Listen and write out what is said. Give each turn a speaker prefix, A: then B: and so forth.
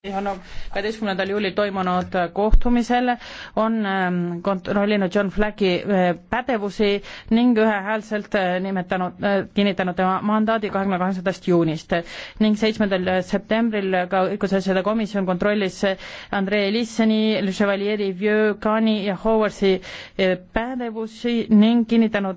A: kaheteistkümnendal juulil toimunud kohtumisel on ähm, kontrollinud John Flacki äh, pädevusi ning ühehäälselt äh, nimetanud, äh, kinnitanud tema mandaadi kahekümne kaheksandast juunist ning seitsmendal septembril ka õigusasjade komisjon kontrollis Andrei Elisseni, Le Chevalieri, Vieux, Kani ja Howarsi pädevusi ning kinnitanud